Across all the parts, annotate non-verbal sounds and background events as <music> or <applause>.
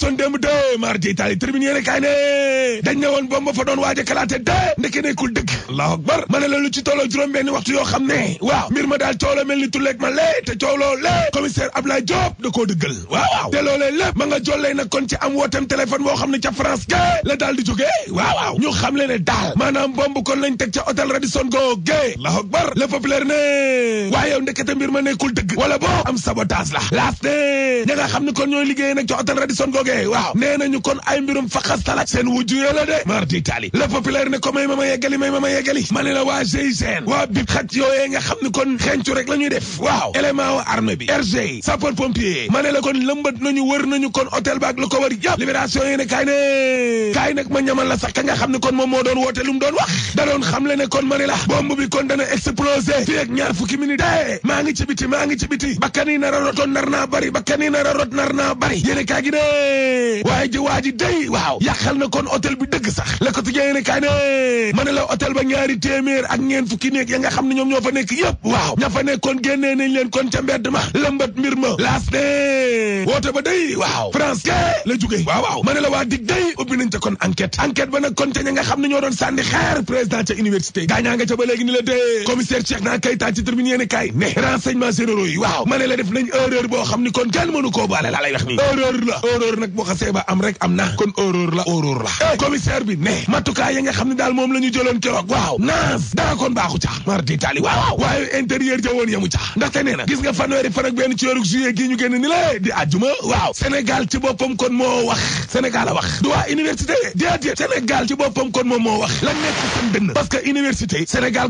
Madison démb de mardi itali tribune yéene kaay ne dañ ne woon bomba fa doon waaj a kalaate de ndeke nekkul dëgg allahu akbar ma ne la lu ci tolloo juróom benn waxtu yoo xam ne waaw mbir ma daal coow la mel ni tulleeg ma lee te coow loo lee commissaire Ablaye Diop da koo dëggal waaw te loolee lépp ma nga jollee nag kon ci am wootem téléphone boo xam ne ca France ga la daal di jógee waaw ñu xam le ne daal maanaam bomb kon lañ teg ca hôtel Radisson googee allahu akbar le populaire ne waaye yow ndekete mbir ma nekkul dëgg wala boo am sabotage la laas ne ña nga xam ne kon ñooy liggéey nag googee waaw nee nañu kon ay mbirum faxastalak seen wujjuyee la de mar taali le populaire ne ko may ma ma yeggali may ma ma yeggali ma la waa GIGN waa bib xaj yooyee nga xam ni kon xencu rek la def waaw élément wa armée bi RG sapeur pompier ma ne la kon lëmbat nañu wër nañu kon hôtel baak lu ko war yëpp libération yéene kaay ne kaay nag ma ñamal la sax ka nga xam ni kon moom moo doon woote lu mu doon wax da doon xam le ne kon ma ne la bomb bi kon dana explosé a a waaye ji waa ji day waaw yàqal na kon hôtel bi dëgg sax le la hôtel ba ñaari téeméer ak fukki néeg ya nga xam ne ñoom ñoo fa nekk yëpp waaw ña fa nekkoon génnee nañ leen kon ca mbedd ma ba day waaw France ke la jóge waaw ma ne la waa dig day ubbi nañ ca kon enquête enquête ba nag kon ca ña nga xam la dee commissaire Cheikh naa kay taa ci la def xam ni kon kenn mënu koo la nag boo xasee am rek am na kon horreur la horreur la eh, commissaire bi ne matukaay yi xam ne daal moom la ñu jëloon keroog waaw naas dara kon baaxu ca mar di taali waaw waaye intérieur ja woon yamu ca ndaxte nee na gis nga fanweeri fan ak benn ci weeru juillet gii ñu ni la eh, di àjjuma waaw Sénégal ci boppam kon moo wax Sénégal a wax du waa université déedéet Sénégal ci boppam kon moo wax lan nekk la Sénégal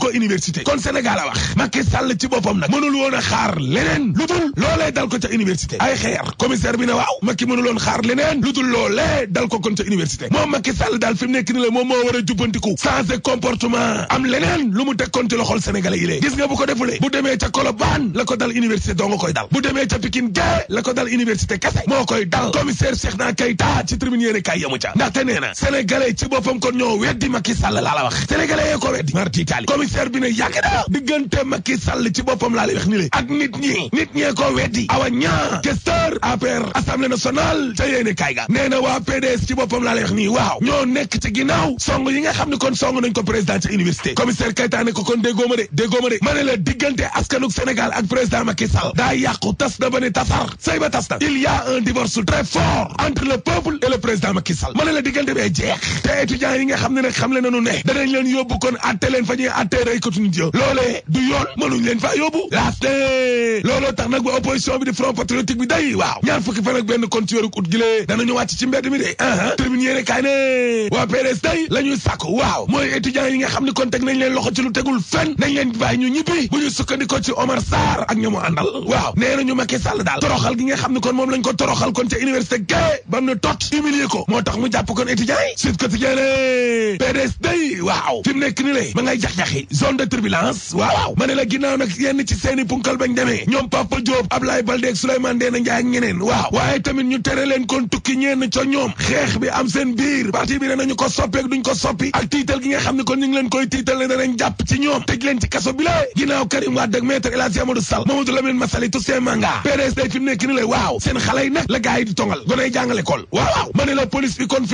ko université kon Sénégal a wax Macky Sall ci boppam nag mënul woon a xaar leneen lu dul loolee dal université ay xeer commissaire bi ne waaw Macky mënuloon xaar leneen lu dul loolee dal ko kon ca université moom Macky Sall daal fi mu nekk ni la moom moo war a jubbantiku changer mu teg kon ci loxol sénégalais yi lée ko defulee bu demee ca Colobane la ko dal université doo nga koy dal bu la ko dal université kese moo koy dal commissaire Cheikh na Keita la wax sénégalais yee ko weddi marti itali commissaire bi ne yàgg na diggante Macky Sall ci boppam laa lay wax ni le ak nit ñi nit ñee ko weddi awa ñaa testeur APR assemblée nationale ca yéene waa PDS ci boppam laa lay nii waaw ñoo nekk ci ginnaaw song yi nga xam ne kon song nañ ko président ci université commissaire Kayta ne ko kon déggoo ma de déggoo ma de ma la diggante askanuk Sénégal ak président Macky daa yàqu tas na tasar sëy ba tas il y a un divorce très entre le peuple et le président Macky Sall la diggante bee jeex te étudiants yi nga xam ne nag xam le nañu ne danañ leen kon looloo tax nag ba opposition bi di waaw ñaar fukki fan benn kon ci weeru ut gilee danañu wàcc ci mbedd mi de aa termine yéene kaay ne waa PDS day la ñuy sàkku waaw mooy étudiants yi nga xam ne kon teg nañ leen loxo ci lu tegul fenn nañ leen bàyyi ñu ñibbi bu ñu sukkandikoo ci Omar Sarr ak ñamu àndal waaw nee nañu Macky Sall daal toroxal gi nga xam ne kon moom lañ ko toroxal kon ca université gae bam na tot humilier ko moo tax mu jàpp yi Sud Quotidien ne PDS day waaw fi mu nekk ni lay ma ñoom Papa Diop Ablaye Baldé ak Souleymane Ndéné Ndiaye ak ñeneen waaw waaye tamit ñu tere leen kon tukki ñeen ca ñoom xeex bi am seen biir parti bi ne nañu ko soppi ak duñ gi nga xam ne kon leen koy tiital ne danañ jàpp ci ñoom tëj leen ci kaso bi la ginnaaw Karim Wade ak Maître El Hadji Amadou Sall Mamadou Lamine Massaly Toussaint Manga PDS day fi mu nekk ni waaw seen xale nag la gars di tongal gonay jàngale kool waaw waaw ma ne la police bi kon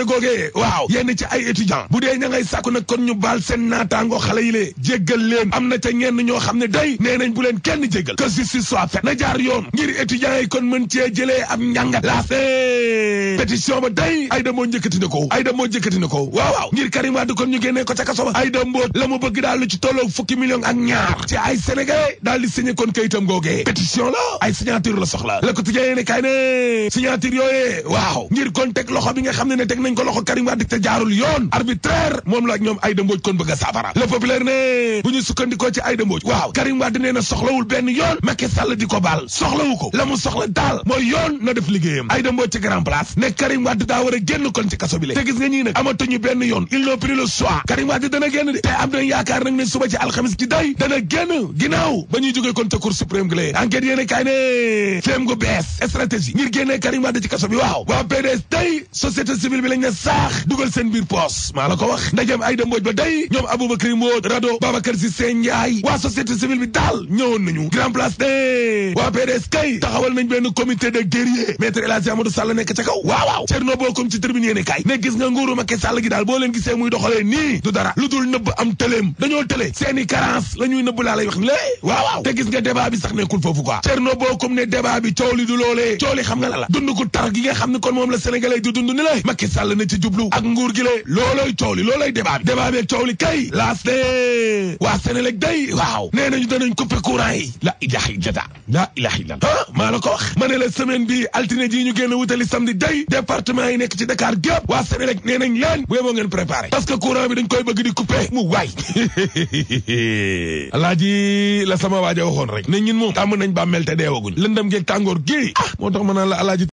université googee waaw yenn ci ay étudiant bu dee ña ngay sàkku nag kon ñu baal seen naataango xale yi lee jéggal leen am na ca ñenn ñoo xam ne day nee nañ bu leen kenn jéggal que si soit faite na jaar yoon ngir étudiants yi kon mën cee jëlee ab laa laas pétition ba day ay da moo njëkkati ko ay da moo njëkkati na ko waaw waaw ngir Karim Wade kon ñu génnee ko ca kaso ba ay da mboot la mu bëgg daal lu ci tolloo fukki million ak ñaar ci ay sénégalais daal di signé kon kayitam googee pétition la ay la soxla la ko tijjee ne kay ne kon teg loxo bi nga xam ne ne teg na nañ ko loxo Karim Wade te jaarul yoon arbitraire moom la ñoom Aïda Mbodj kon bëgg a saafara le populaire ne bu ñu sukkandikoo ci Aïda Mbodj waaw Karim Wade nee na soxlawul benn yoon Macky Sall di ko baal soxlawu ko la mu soxla daal mooy yoon na def liggéeyam Aïda Mbodj ci grand place ne Karim Wade daa war a kon ci kaso bi te gis nga ñii nag amatuñu benn yoon ils n'ont plus le choix Karim Wade dana génn de am nañ yaakaar nag ne suba ci alxamis nañ ne saax dugal seen biir poos maa la ko wax ay ba day ñoom Aboubacry Rado Babacar waa société civile bi daal ñëwoon nañu grand place de waa PDS kay taxawal nañ benn comité de guerrier maître Amadou nekk ca kaw ci tribune yéene kaay ne gis nga nguuru Sall gi daal boo leen gisee muy doxalee nii du dara lu dul nëbb am tëleem dañoo tële seeni carence la ñuy nëbb laa lay wax ni lée te gis nga débat bi sax nekkul foofu quoi ne débat bi du loolee xam nga la la dund ku tar gi nga xam ne kon moom la sénégalais di dund ni Sall Sall na ci jublu ak nguur gi le loolooy coow li loolooy débat bi débat bi coow li kay laas de waa Sénélec day waaw nee nañu danañ coupé courant yi la ilaha illallah la ilaha illallah ah maa la ko wax ma ne la semaine bi altine ji ñu génn wutali samedi day département yi nekk ci Dakar gépp waa Sénélec nee nañ leen bu yeboo ngeen préparé parce que courant bi dañ koy bëgg di coupé mu waay <laughs> alaaji rek ne ñun moom tàmm nañ bàmmeel te deewaguñ lëndam geeg tàngoor gi ah moo tax ma naan la alaaji